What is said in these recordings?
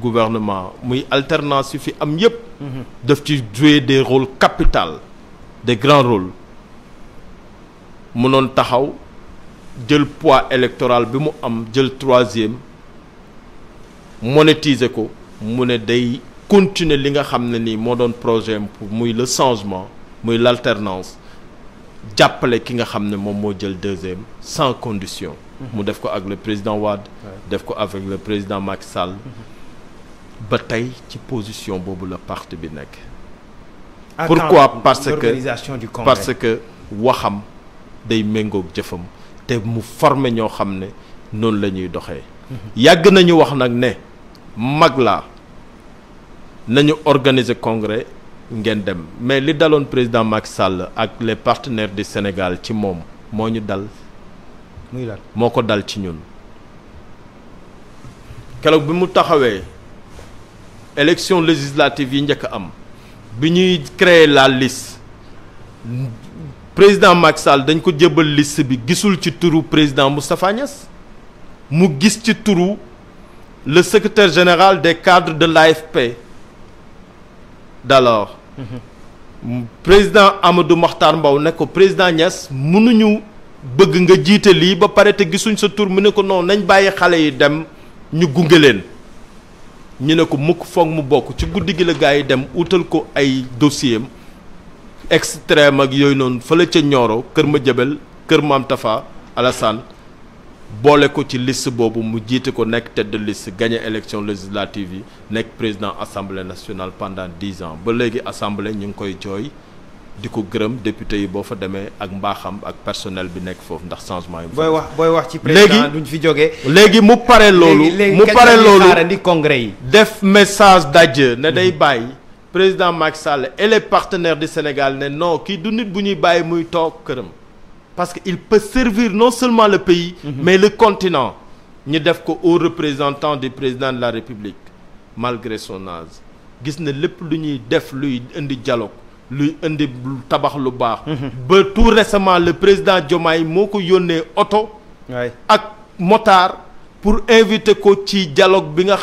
gouvernement muy alternance suffit, fi am yëpp. daf ci jouer des rôles capital des grands rôles mënoon taxaw le poids électoral bi mu am jël troisième monétiser ko mune day continuer li nga xamné ni projet pour muy le changement muy l'alternance jàppale ki nga xamné mom mo 2 deuxième sans condition. Mhm. mu def ko ak le président Wade. def ko avec le président Macky Sall. Mhm ba qui ci position boobu la parti bi nekk. pourquoi parce que parce que waxam day Mengo jëfam te mu formé ño xamné non lañuy doxé mhm. yag nañu wax nak né magla nañu organiser congrès ngén dem mais li dalon président Macky Sall ak les partenaires du Sénégal ci mom moñu dal. muy dal moko dal ci ñun. bi mu taxawé élection législative yi njëkk am bi ñuy créer la liste président Macky Sall dañ ko jébbal liste bi gisul ci turu président Moustapha Niass mu gis ci turu le secretaire général des cadre de l'AFP d'alors mmh. président Amadou Mahtar Mbow ne ko président Niass mënuñu bëgg nga jiite lii ba pare te gisuñ sa tur mu ne ko noonu nañ bàyyi xale yi dem ñu gunge leen ñu ne ko mukk foog mu bokk ci guddi gila la yi dem utal ko ay dossier am extrême ak yooyu noonu fële ca Nioro Kër ma jëbel Kër Maam Tafa Alassane boole ko ci liste boobu mu jiite ko nekk tête de liste gagné élection législative yi nekk président assemblée nationale pendant dix ans ba léegi assemblée ñu ngi koy jooy. diko ko gërëm député yi boo fa demee ak mbaaxam ak personnel bi nekk foofu ndax changement yi. booy wax booy wax ci président duñ fi jógee. léegi mu pare loolu. mu pare congrès yi. def message d'adieu ne day mhm. bàyyi président Macky Sall et les partenaires du Sénégal ne non kii du nit bu ñuy bàyyi muy toog këram. parce que il peut servir non seulement le pays. Mhm. mais le continent. ñu def ko au représentant du président de la République malgré son âge gis ne lépp lu ñuy def luy indi dialogue. Lui, indi tabax lu baax. Mhm. ba tout récemment le président Diomaye M'a donné auto oto. ak motard pour inviter ko dialogue bi nga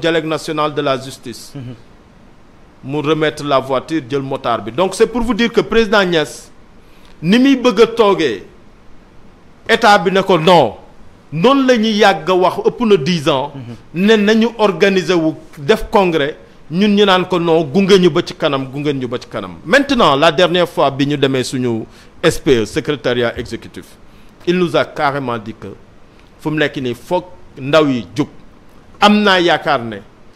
dialogue national de la justice. Mhm. mu remettre la voiture le motard donc c'est pour vous dire que président Niass ni mi bëgg a état bi ne ko non non lañu yag a wax ëpp na 10 ans. Mhm. ne nañu organiser wu def congrès ñun ñu naan ko maintenant la dernière fois bi ñu demee suñu SPE secrétariat exécutif il nous a carrément dit que fu mu nekk nii foog ndaw yi jóg am naa yaakaar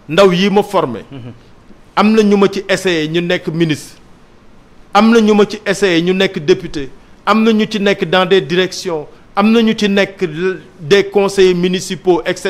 ndaw yi formé am ñu ma ci essayé ñu nekk ministre ñu ma ci ñu nekk député dans des directions am des conseils municipaux et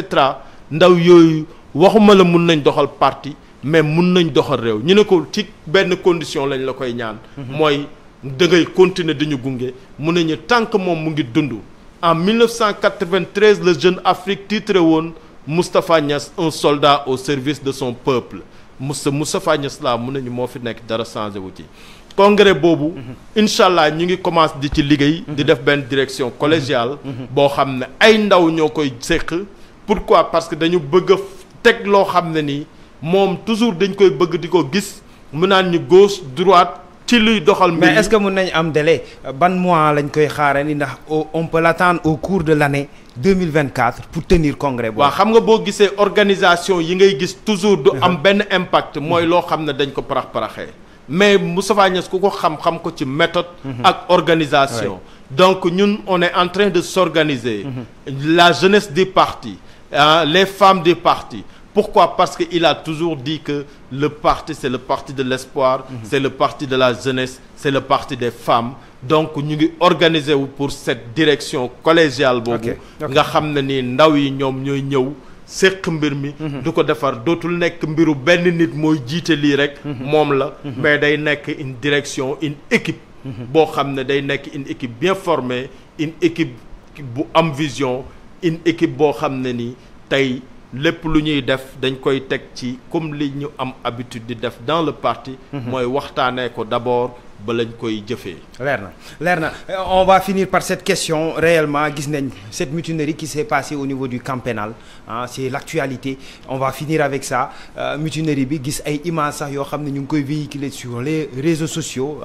ndaw yooyu waxuma la doxal parti mais mun nañ doxal réew ñu ne ko ci benn condition lañ la koy ñaan. Mhm. mooy da ngay continuer di ñu gunge mun nañu tànk moom mu ngi dundu en 1993 le Jeune Afrique titré woon Moustapha Niass un soldat au service de son peuple Moussa Moustapha Niass laa mun nañu moo fi nekk dara changé wu ci. congrès boobu mhm. incha allah ñu ngi commencé di ci liggéey di mhm. def benn direction collégiale boo xam ne ay ndaw ñoo koy séq pourquoi parce que dañu bëgg teg loo xam ne nii mom toujours dañ koy bëgg diko ko gis mu naan ñu gauche droite ci luy doxal. mais est-ce que mën nañ am délai ban mois lañ koy xaaré ndax on peut l'attendre au cours de l'année 2024 pour tenir congrès wa xam nga bo gisee organisation yi ngay gis toujours du am ben impact moy lo xam dañ ko parax paraxé mais Moustapha Niasse ku ko xam-xam ko ci méthode. Uh-huh. ak organisation. donc ñun on est en train de s'organiser. Uh-huh. la jeunesse des partis, hein, les femmes des partis. Pourquoi Parce qu'il a toujours dit que le parti, c'est le parti de l'espoir, mhm. c'est le parti de la jeunesse, c'est le parti des femmes. Donc, nous sommes organisés pour cette direction collégiale. Nous okay. savons que nous séq mbir mi mhm. du ko defar Nous nit mhm. une direction une équipe une équipe bien formée une équipe a am vision une équipe qui a... Les lu ñuy def dañ koy comme li ñu am habitude di def dans le parti. Mhm. mooy waxtaanee ko d'abord ba lañ koy jëfee. Euh, on va finir par cette question réellement cette mutinerie qui s'est passée au niveau du camp pénal hein, c'est l'actualité on va finir avec ça euh, mutinerie bi gis ay images sax yoo sur les réseaux sociaux.